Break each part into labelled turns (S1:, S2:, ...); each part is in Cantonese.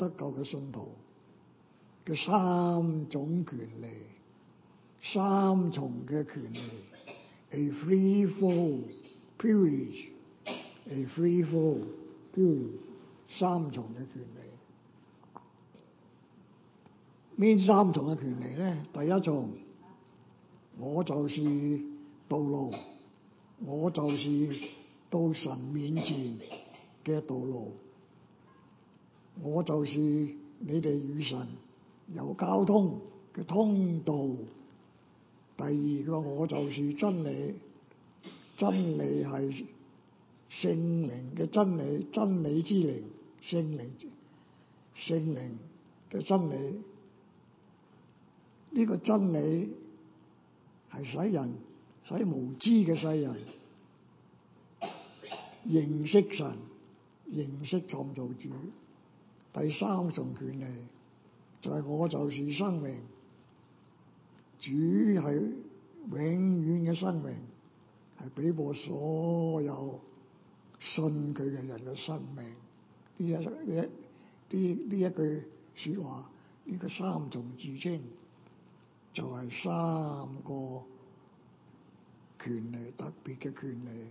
S1: 得救嘅信徒嘅三種權利，三重嘅權利，a freefall privilege，a freefall privilege，三重嘅權利。呢三重嘅權利咧？第一重，我就是道路，我就是到神面前嘅道路。我就是你哋與神有交通嘅通道。第二個，我就是真理，真理係聖靈嘅真理，真理之靈，聖靈，聖靈嘅真理。呢、這個真理係使人使無知嘅世人認識神，認識創造主。第三重權利就係、是，我就是生命，主係永遠嘅生命，係畀我所有信佢嘅人嘅生命。呢一呢呢呢一句說話呢個三重自稱就係、是，三個權利，特別嘅權利。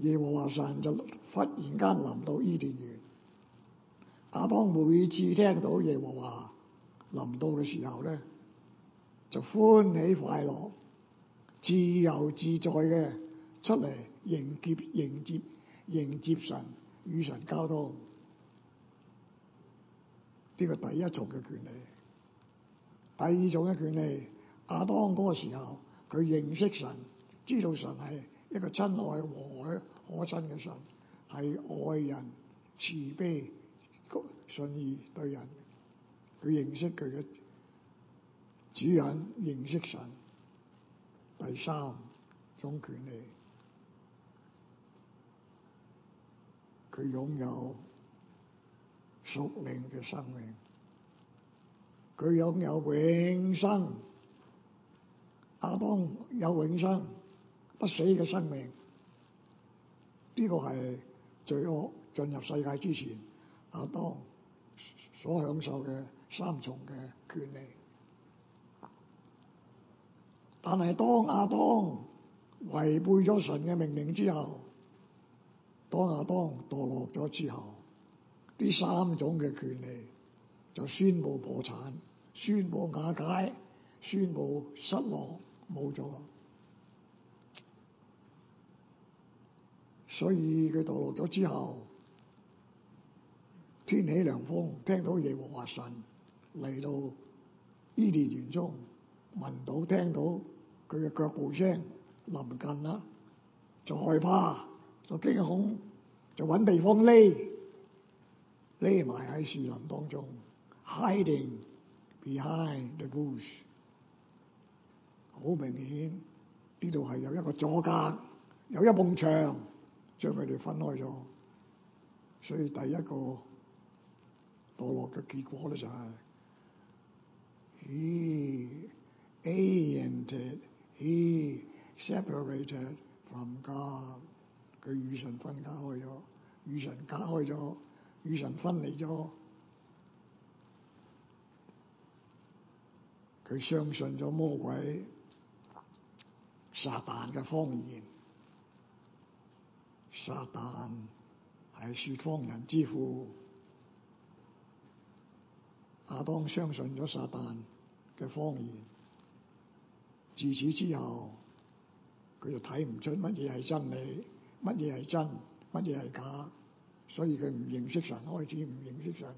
S1: 耶和華神就忽然間臨到伊甸園，阿當每次聽到耶和華臨到嘅時候咧，就歡喜快樂，自由自在嘅出嚟迎接迎接迎接神與神交通，呢個第一重嘅權利。第二重嘅權利，阿當嗰個時候佢認識神，知道神係。一個親愛和藹可親嘅神，係愛人慈悲、信義對人，佢認識佢嘅主人，認識神。第三種權利，佢擁有屬靈嘅生命，佢擁有永生，亞當有永生。不死嘅生命，呢、這個係罪惡進入世界之前亞當所享受嘅三重嘅權利。但係當亞當違背咗神嘅命令之後，當亞當墮落咗之後，呢三種嘅權利就宣布破產、宣布瓦解、宣布失落，冇咗啦。所以佢墮落咗之後，天起涼風，聽到耶和華神嚟到伊甸園中，聞到、聽到佢嘅腳步聲臨近啦，就害怕，就驚恐，就揾地方匿匿埋喺樹林當中，hiding behind the bush。好明顯，呢度係有一個阻隔，有一埲牆。將佢哋分開咗，所以第一個墮落嘅結果咧就係、是，He alienated, he separated from God，佢與神分隔開咗，與神隔開咗，與神分離咗。佢相信咗魔鬼撒旦嘅謊言。撒旦係說謊人之父，亞當相信咗撒旦嘅謊言，自此之後佢就睇唔出乜嘢係真理，乜嘢係真，乜嘢係假，所以佢唔認識神，開始唔認識神，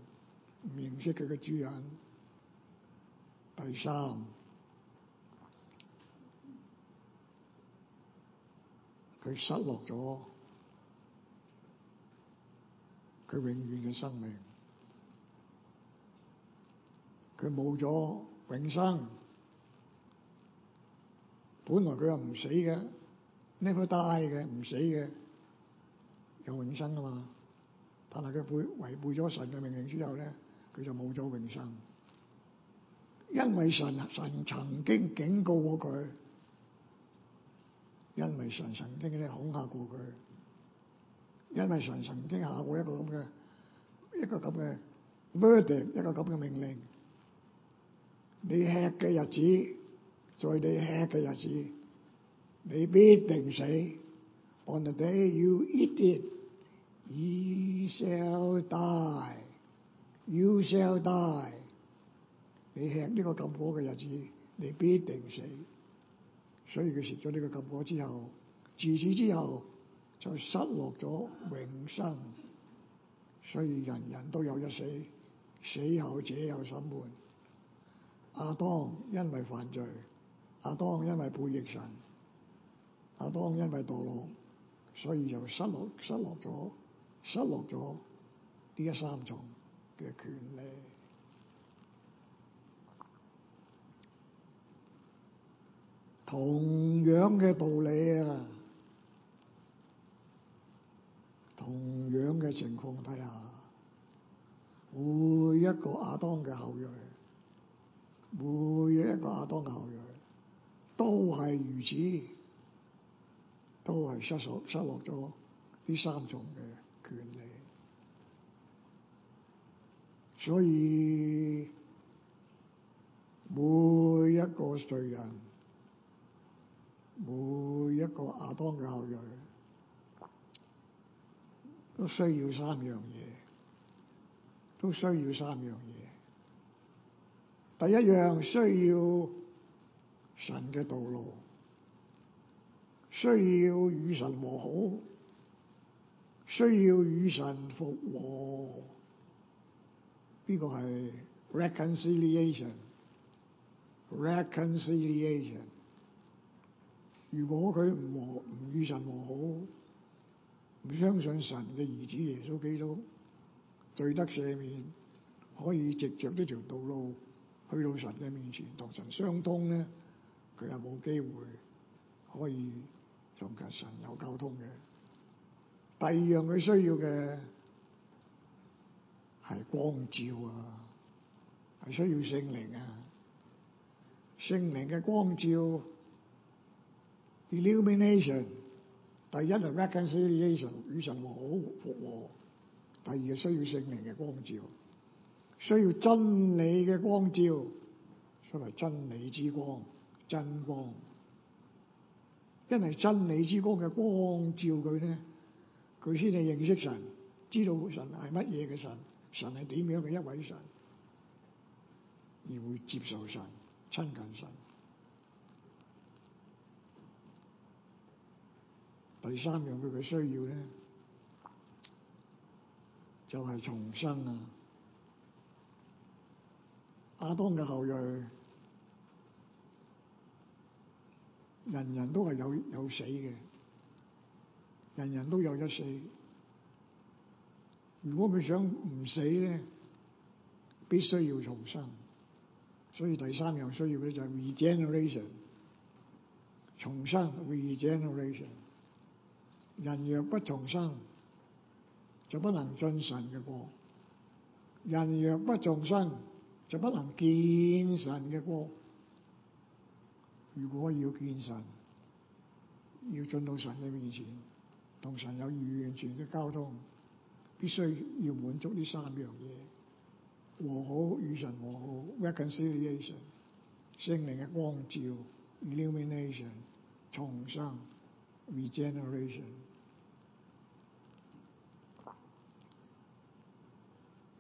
S1: 唔認識佢嘅主人。第三，佢失落咗。佢永遠嘅生命，佢冇咗永生。本來佢又唔死嘅，Never die 嘅唔死嘅有永生噶嘛？但係佢背違背咗神嘅命令之後咧，佢就冇咗永生。因為神神曾經警告過佢，因為神神曾經咧恐吓過佢。因為神曾經下過一個咁嘅一個咁嘅 order，i 一個咁嘅命令。你吃嘅日子，在你吃嘅日子，你必定死。On the day you eat it, you shall die. You shall die。你吃呢個禁果嘅日子，你必定死。所以佢食咗呢個禁果之後，自此之後。就失落咗永生，所以人人都有一死，死後者有審判。阿當因為犯罪，阿當因為背逆神，阿當因為墮落，所以就失落咗呢三重嘅權利。同樣嘅道理啊！同樣嘅情況底下，每一個亞當嘅後裔，每一個亞當後裔都係如此，都係失落失落咗呢三重嘅權利。所以每一個罪人，每一個亞當嘅後裔。都需要三樣嘢，都需要三樣嘢。第一樣需要神嘅道路，需要與神和好，需要與神復和，呢個係 reconciliation，reconciliation。如果佢唔和，唔與神和好。唔相信神嘅兒子耶穌基督，罪得赦免，可以藉着呢條道路去到神嘅面前同神相通咧，佢又冇機會可以同佢神有溝通嘅。第二樣佢需要嘅係光照啊，係需要聖靈啊，聖靈嘅光照，illumination。第一係 reconciliation 與神和好復和，和；第二係需要聖靈嘅光照，需要真理嘅光照，所謂真理之光、真光。因為真理之光嘅光照佢咧，佢先至認識神，知道神係乜嘢嘅神，神係點樣嘅一位神，而會接受神、親近神。第三樣佢嘅需要咧，就係重生啊！亞當嘅後裔，人人都係有有死嘅，人人都有一死。如果佢想唔死咧，必須要重生。所以第三樣需要咧就係 regeneration，重生 regeneration。人若不重生，就不能進神嘅國；人若不重生，就不能見神嘅國。如果要見神，要進到神嘅面前，同神有完全嘅交通，必須要滿足呢三樣嘢：和好、與神和好（ reconciliation）；聖靈嘅光照（ illumination）；重生（ regeneration）。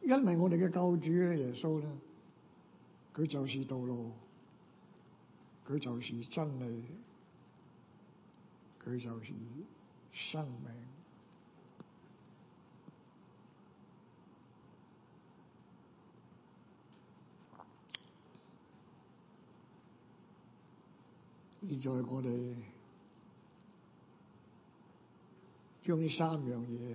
S1: 因為我哋嘅教主耶穌咧，佢就是道路，佢就是真理，佢就是生命。現在我哋將呢三樣嘢。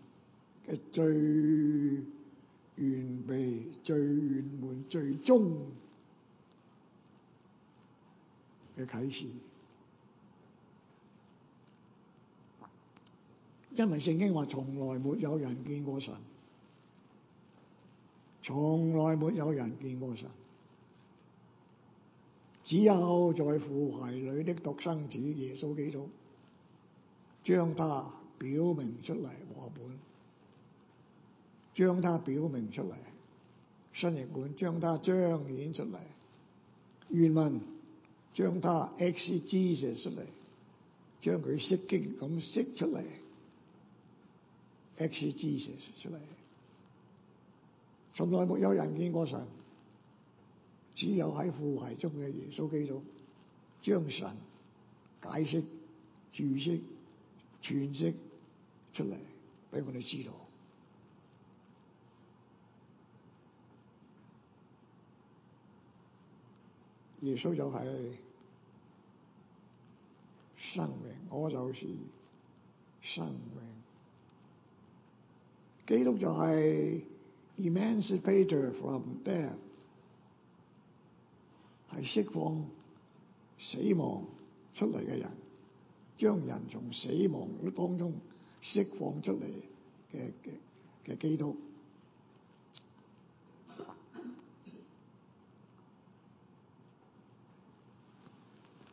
S1: 嘅最完備、最圓滿、最終嘅啟示，因為聖經話，從來沒有人見過神，從來沒有人見過神，只有在父懷裏的獨生子耶穌基督，將他表明出嚟和本。將它表明出嚟，新譯本將它彰顯出嚟，原文將它 exegesis 出嚟，將佢釋經咁釋出嚟，exegesis 出嚟。從來沒有人見過神，只有喺父懷中嘅耶穌基督，將神解釋、注釋、詮釋出嚟俾我哋知道。耶穌就係生命，我就是生命。基督就係 emancipator from death，係釋放死亡出嚟嘅人，將人從死亡當中釋放出嚟嘅嘅嘅基督。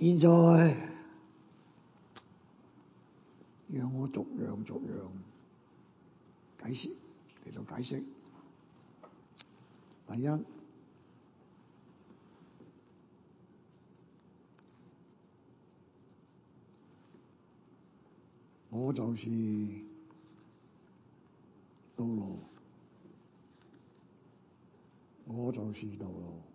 S1: 現在讓我逐樣逐樣解釋嚟做解釋。第一，我就是道路，我就是道路。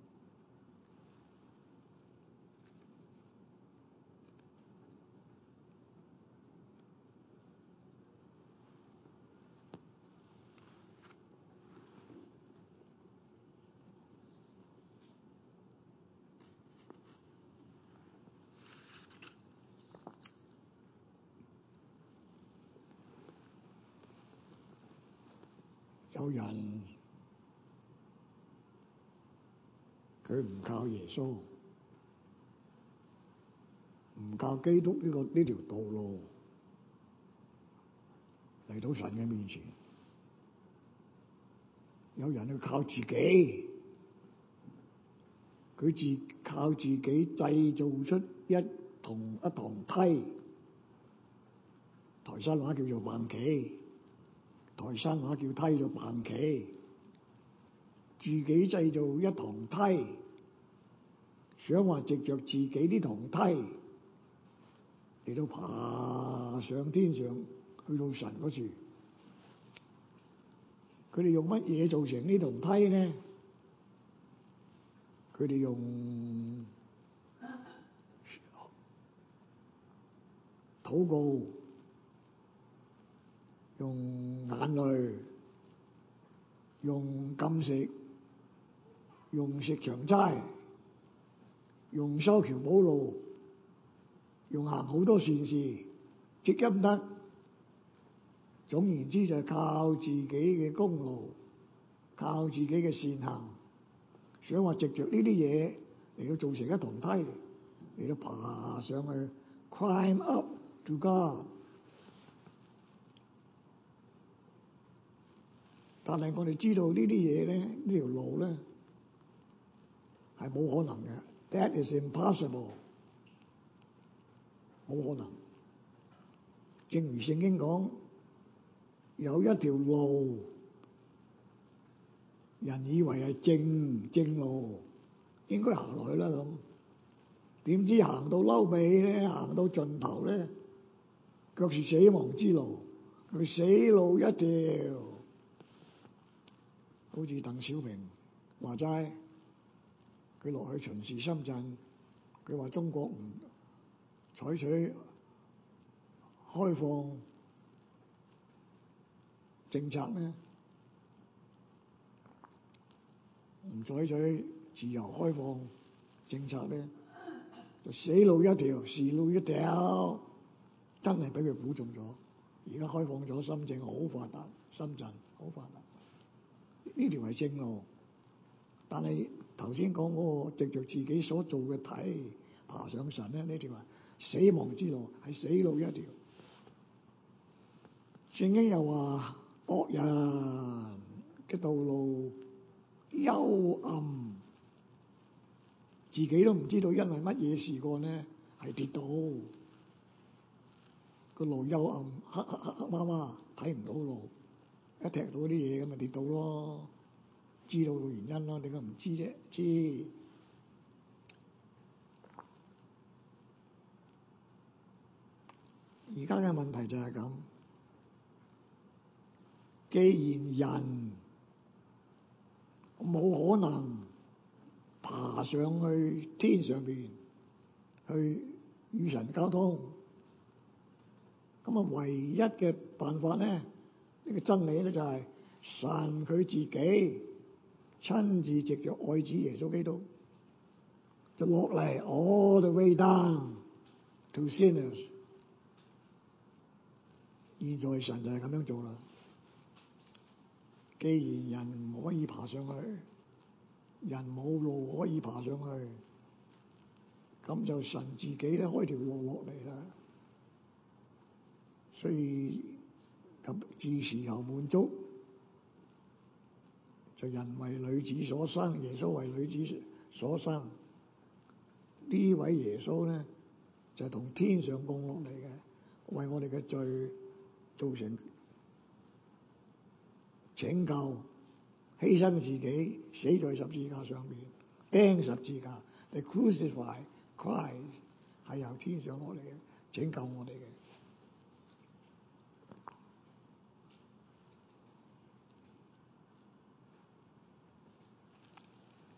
S1: 人佢唔靠耶穌，唔靠基督呢、這個呢條、這個、道路嚟到神嘅面前。有人去靠自己，佢自靠自己製造出一同一堂梯，台山話叫做橫棋。台山話叫梯做爬旗，自己製造一堂梯，想話藉着自己啲堂梯嚟到爬上天上，去到神處。佢哋用乜嘢做成呢堂梯呢？佢哋用禱告。用眼淚，用禁食，用食長齋，用修橋補路，用行好多善事，積功德。總言之，就係靠自己嘅功勞，靠自己嘅善行。想話藉著呢啲嘢嚟到做成一堂梯，嚟到爬上去，climb up to God。但係我哋知道呢啲嘢咧，呢條路咧係冇可能嘅。That is impossible。冇可能。正如聖經講，有一條路，人以為係正正路，應該行落去啦咁。點知行到嬲尾咧，行到盡頭咧，卻是死亡之路，佢死路一條。好似鄧小平話齋，佢落去巡視深圳，佢話中國唔採取開放政策咧，唔採取自由開放政策咧，就死路一條，死路一條，真係俾佢估中咗。而家開放咗深圳，好發達，深圳好發達。呢條係正路，但係頭先講嗰個直着自己所做嘅體爬上神咧，呢條啊死亡之路係死路一條。聖經又話惡人嘅道路
S2: 幽暗，
S1: 自己都唔知道因為乜嘢事過咧係跌倒個路幽暗黑黑黑黑麻麻，彎彎睇唔到路。一踢到啲嘢，咁咪跌到咯？知道個原因咯，點解唔知啫？知而家嘅問題就係咁。既然人冇可能爬上去天上邊去與神交通，咁啊，唯一嘅辦法咧？呢個真理咧就係、是、神佢自己親自藉着愛子耶穌基督就落嚟 all the way down to sinners。現在神就係咁樣做啦。既然人唔可以爬上去，人冇路可以爬上去，咁就神自己咧開條路落嚟啦。所以。咁至時候滿足，就人為女子所生，耶穌為女子所生。呢位耶穌咧，就是、同天上降落嚟嘅，為我哋嘅罪造成拯救，犧牲自己，死在十字架上面，釘十字架，the crucified，Christ，係由天上落嚟嘅拯救我哋嘅。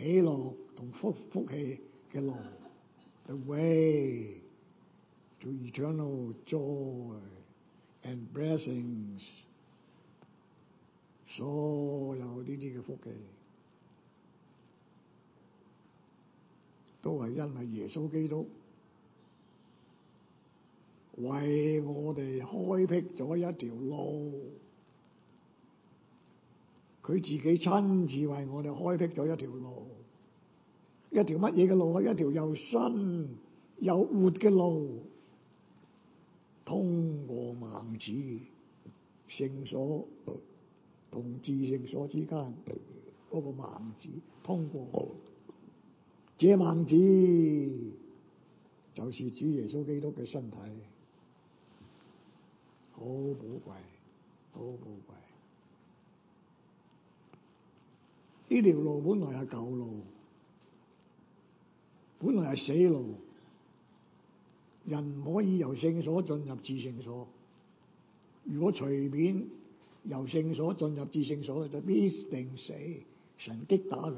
S1: 喜樂同福福氣嘅路，The way to eternal joy and blessings，所有呢啲嘅福氣，都係因為耶穌基督為我哋開闢咗一條路，佢自己親自為我哋開闢咗一條路。一條乜嘢嘅路啊？一條又新又活嘅路，通過幔子聖所同至聖所之間，嗰個幔子，通過這幔子就是主耶穌基督嘅身體，好寶貴，好寶貴。呢條路本來係舊路。本來係死路，人唔可以由聖所進入至聖所。如果隨便由聖所進入至聖所，就必定死，神擊打佢。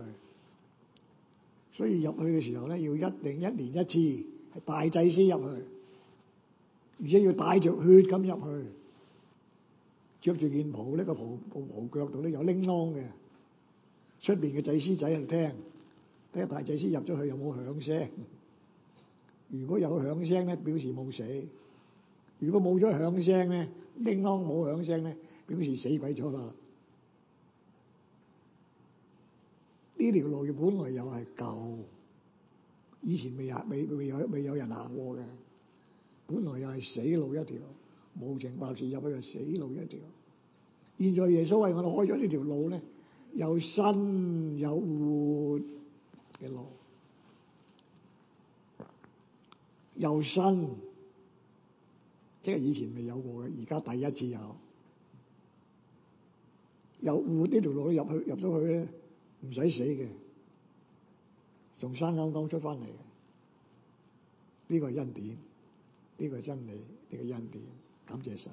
S1: 所以入去嘅時候咧，要一定一年一次，係大祭司入去，而且要帶着血咁入去，着住件袍咧，個袍袍腳度咧有鈴鐺嘅，出邊嘅祭司仔嚟聽。睇下大祭司入咗去有冇響聲？ 如果有響聲咧，表示冇死；如果冇咗響聲咧，叮噹冇響聲咧，表示死鬼咗啦。呢條 路原本來又係舊，以前未有、未有人行過嘅，本來又係死路一條，無情白事入去又死路一條。現在耶穌為我哋開咗呢條路咧，又新又活。.嘅路又新，即係以前未有過嘅，而家第一次有。又活，呢條路入去入咗去咧，唔使死嘅，仲生勾勾出翻嚟嘅。呢、這個係恩典，呢、這個係真理，呢、這個係恩典，感謝神。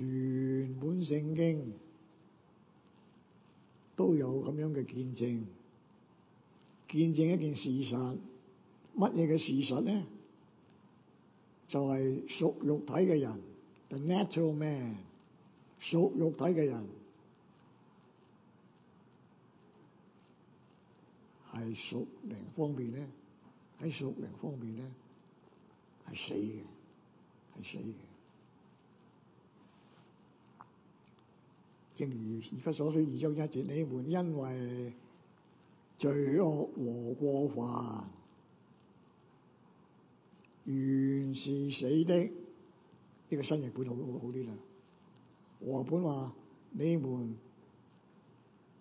S1: 原本聖經都有咁樣嘅見證，見證一件事實，乜嘢嘅事實咧？就係屬肉體嘅人，the natural man，屬肉體嘅人係屬靈方面咧，喺屬靈方面咧係死嘅，係死嘅。正如以弗所書，二章一節，你們因為罪惡和過犯，原是死的。呢、這個新譯本好好好啲啦。和本話你們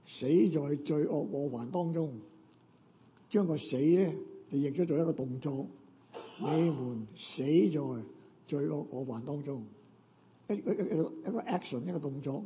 S1: 死在罪惡過犯當中，將個死咧就譯咗做一個動作。你們死在罪惡過犯當中，一一，一個 action，一個動作。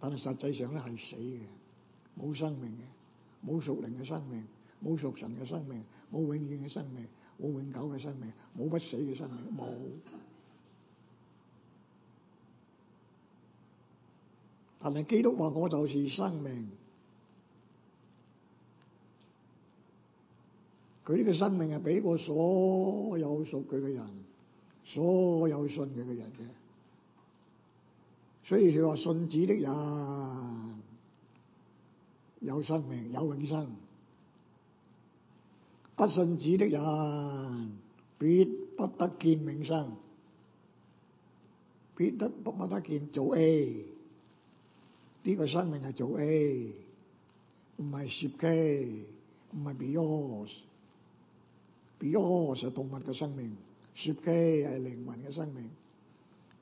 S1: 但係實際上咧係死嘅，冇生命嘅，冇屬靈嘅生命，冇屬神嘅生命，冇永遠嘅生命，冇永久嘅生命，冇不死嘅生命，冇。但係基督話我就是生命，佢呢個生命係俾過所有屬佢嘅人，所有信佢嘅人嘅。所以佢話信子的人有生命有永生，不信子的人必不得見永生，必得不得見做 A。呢、這個生命係做 A，唔係 Shake 唔係 Bios Bios 係動物嘅生命 Shake 係靈魂嘅生命。寶寶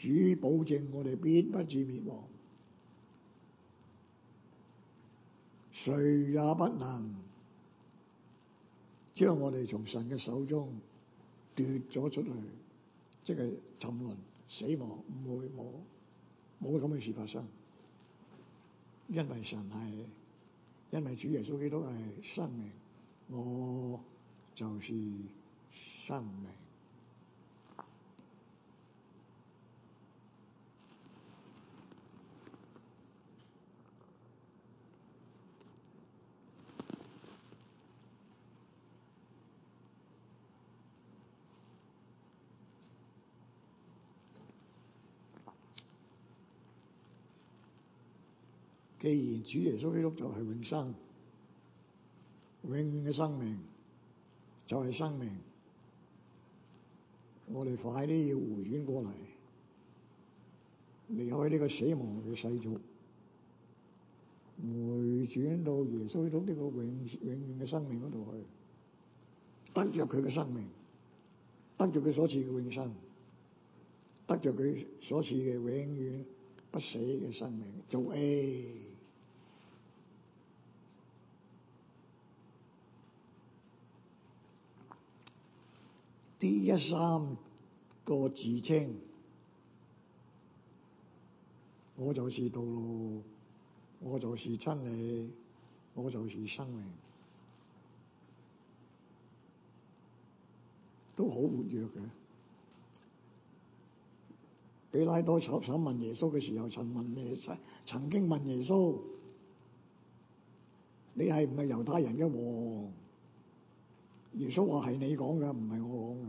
S1: 主保證我哋必不至滅亡，誰也不能將我哋從神嘅手中奪咗出去，即係沉淪、死亡、唔會、冇冇咁嘅事發生。因為神係，因為主耶穌基督係生命，我就是生命。既然主耶穌基督就係永生，永遠嘅生命，就係生命，我哋快啲要回轉過嚟，離開呢個死亡嘅世俗，回轉到耶穌基督呢個永永遠嘅生命嗰度去，得著佢嘅生命，得著佢所賜嘅永生，得著佢所賜嘅永遠不死嘅生命，做 A。呢一三個自稱，我就是道路，我就是真理，我就是生命，都好活躍嘅。比拉多想想問耶穌嘅時候，曾問耶穌：曾經問耶穌，你係唔係猶太人嘅王？耶穌話，係你講嘅，唔係我講嘅。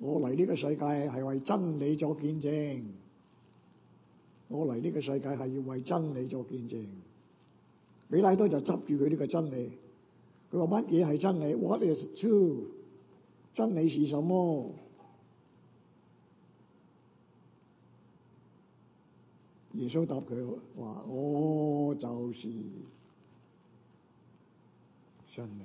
S1: 我嚟呢個世界係為真理作見證。我嚟呢個世界係要為真理作見證。比拉多就執住佢呢個真理，佢話乜嘢係真理？What is true？真理是什麼？耶穌答佢話：我就是真理。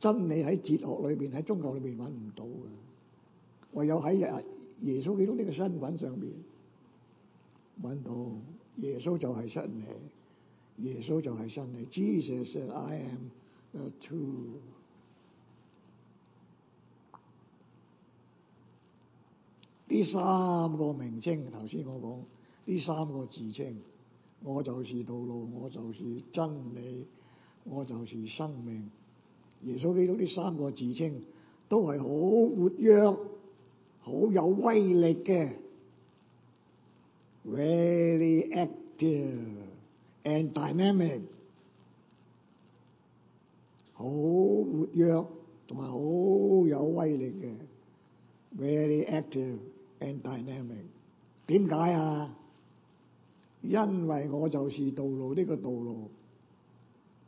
S1: 真理喺哲學裏邊，喺宗教裏邊揾唔到噶，唯有喺耶耶穌基督呢個身份上邊揾到，耶穌就係真理，耶穌就係真理。Jesus I am the true。呢三個名稱頭先我講，呢三個自稱，我就是道路，我就是真理，我就是生命。耶穌基督呢三個自稱都係好活躍、好有威力嘅，Very active and dynamic，好活躍同埋好有威力嘅，Very active and dynamic。點解啊？因為我就是道路，呢個道路。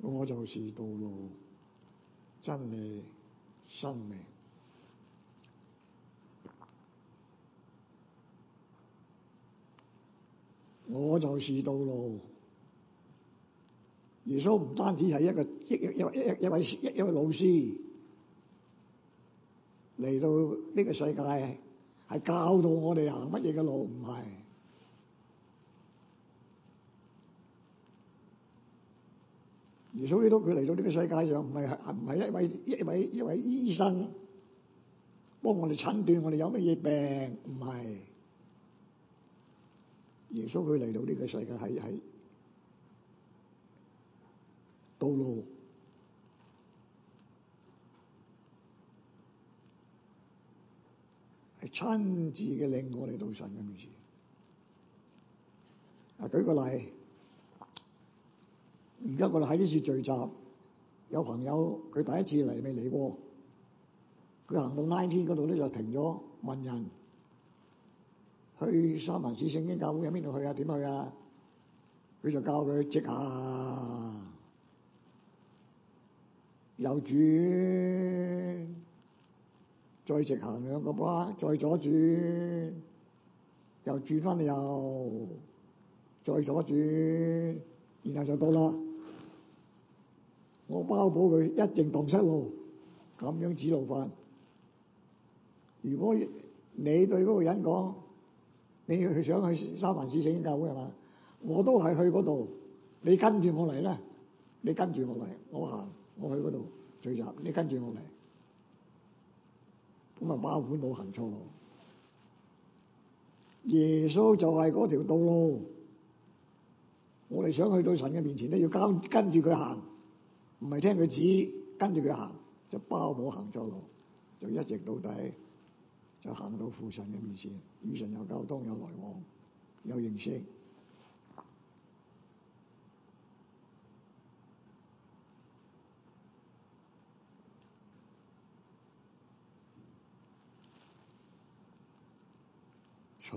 S1: 我就是道路，真理、生命。我就是道路。耶穌唔單止係一個一一,一,一位一位一,一,一位老師嚟到呢個世界，係教導我哋行乜嘢嘅路，唔係。耶穌都佢嚟到呢個世界上，唔係係唔係一位一位一位，一位醫生幫我哋診斷我哋有乜嘢病，唔係。耶穌佢嚟到呢個世界係係道路，係親自嘅領我哋到神嘅面前。啊，舉個例。而家我哋喺呢次聚集，有朋友佢第一次嚟未嚟過，佢行到19拉天嗰度咧，就停咗問人：去三藩市聖經教會有邊度去啊？點去啊？佢就教佢直行，右轉，再直行兩個巴，再左轉，又轉翻右，再左轉，然後就到啦。我包保佢一定蕩失路，咁樣指路法。如果你對嗰個人講，你要去想去三藩市聖經教會係嘛？我都係去嗰度，你跟住我嚟啦。你跟住我嚟，我行，我去嗰度聚集，你跟住我嚟。咁啊包保冇行錯路。耶穌就係嗰條道路，我哋想去到神嘅面前咧，要跟跟住佢行。唔係聽佢指，跟住佢行，就包冇行錯路，就一直到底，就行到父神嘅面前，與神有交通，有來往，有認識。除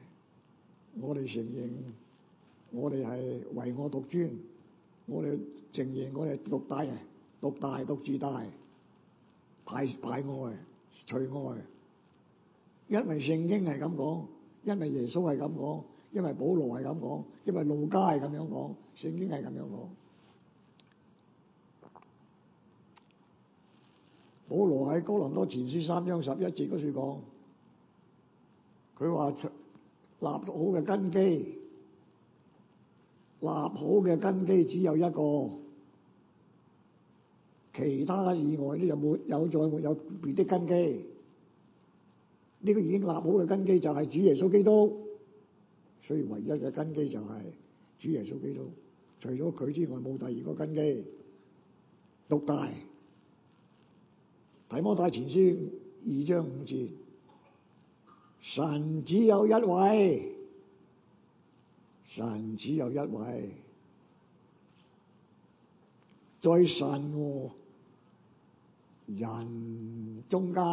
S1: 我哋承認，我哋係唯我獨尊，我哋承認我哋獨大，獨大獨自大，排排外，除外。因為聖經係咁講，因為耶穌係咁講，因為保羅係咁講，因為路加係咁樣講，聖經係咁樣講。保羅喺《哥林多前書說說》三章十一節嗰處講，佢話。立好嘅根基，立好嘅根基只有一個，其他以外呢，有沒有再沒有別的根基？呢、這個已經立好嘅根基就係主耶穌基督，所以唯一嘅根基就係主耶穌基督，除咗佢之外冇第二個根基。六大提摩太前書二章五節。神只有一位，神只有一位，在神人中間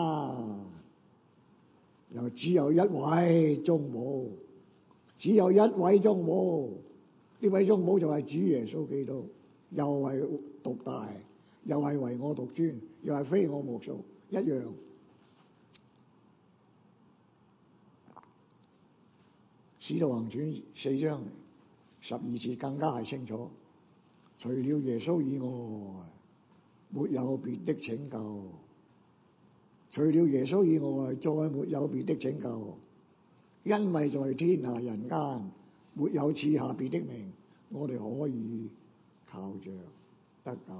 S1: 又只有一位中保，只有一位中保，呢位中保就係主耶穌基督，又係獨大，又係唯我獨尊，又係非我莫屬，一樣。使徒行傳四章十二節更加係清楚，除了耶穌以外，沒有別的拯救；除了耶穌以外，再沒有別的拯救。因為在天下人間，沒有賜下別的名，我哋可以靠著得救。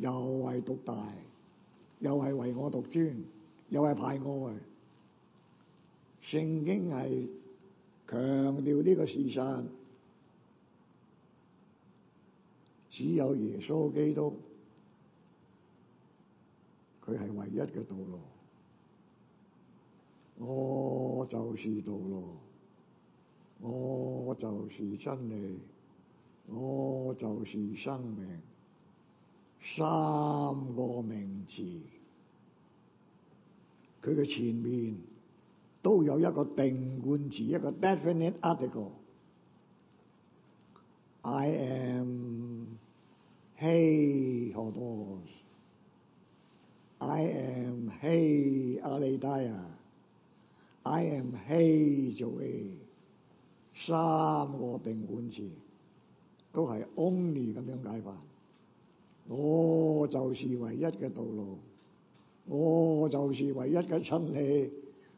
S1: 又係獨大，又係唯我獨尊，又係排外。聖經係。強調呢個事實，只有耶穌基督，佢係唯一嘅道路。我就是道路，我就是真理，我就是生命。三個名詞，佢嘅前面，都有一個定冠詞，一個 definite article。I am hē hodos，I am hē alētheia，I am hē zōē，三個定冠詞都係 only 咁樣解法。我就是唯一嘅道路，我就是唯一嘅親戚。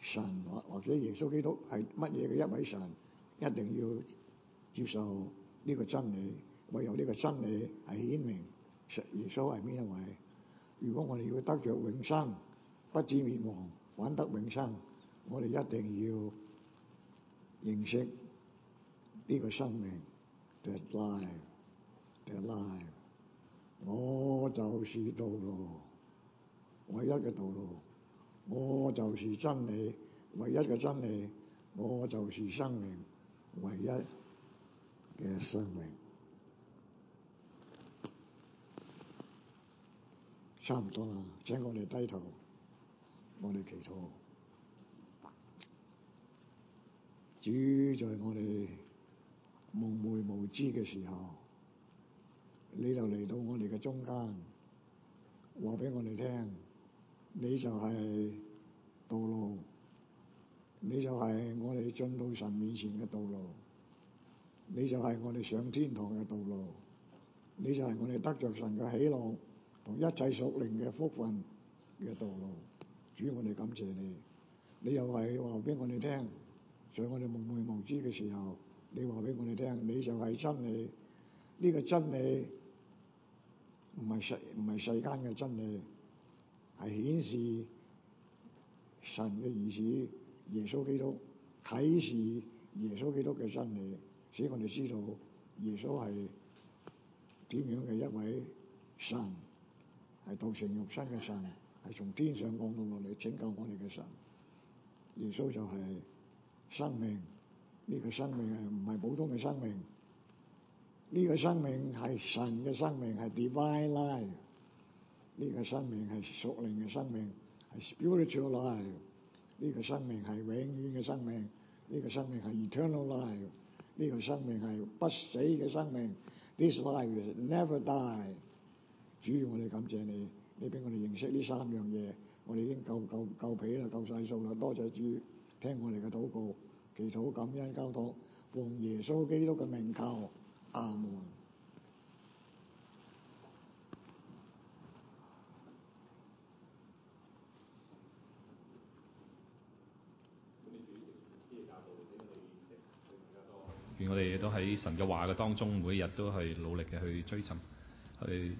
S1: 神或或者耶穌基督係乜嘢嘅一位神，一定要接受呢個真理，唯有呢個真理係顯明，耶穌係邊一位？如果我哋要得着永生，不至滅亡，反得永生，我哋一定要認識呢個生命。The life, the life. 我就是道路，唯一嘅道路。我就是真理，唯一嘅真理；我就是生命，唯一嘅生命。差唔多啦，請我哋低頭，我哋祈禱。主，在我哋蒙昧無知嘅時候，你就嚟到我哋嘅中間，話俾我哋聽。你就係道路，你就係我哋進到神面前嘅道路，你就係我哋上天堂嘅道路，你就係我哋得着神嘅喜樂同一切屬靈嘅福分嘅道路。主，我哋感謝你。你又係話俾我哋聽，在我哋蒙昧無知嘅時候，你話俾我哋聽，你就係真理。呢個真理唔係世唔係世間嘅真理。係顯示神嘅意思，耶穌基督，啟示耶穌基督嘅真理，使我哋知道耶穌係點樣嘅一位神，係道成肉身嘅神，係從天上降到落嚟拯救我哋嘅神。耶穌就係生命，呢個生命啊，唔係普通嘅生命，呢個生命係神嘅生命，係 divine life。呢個生命係屬靈嘅生命，係 spiritual life。呢個生命係永遠嘅生命，呢個生命係 eternal life。呢個生命係不死嘅生命，this life never die 主。主要我哋感謝你，你俾我哋認識呢三樣嘢，我哋已經夠夠夠皮啦，夠曬數啦。多謝主，聽我哋嘅禱告，祈禱感恩交託，奉耶穌基督嘅名求，阿門。我哋都喺神嘅話嘅當中，每一日都係努力嘅去追尋去。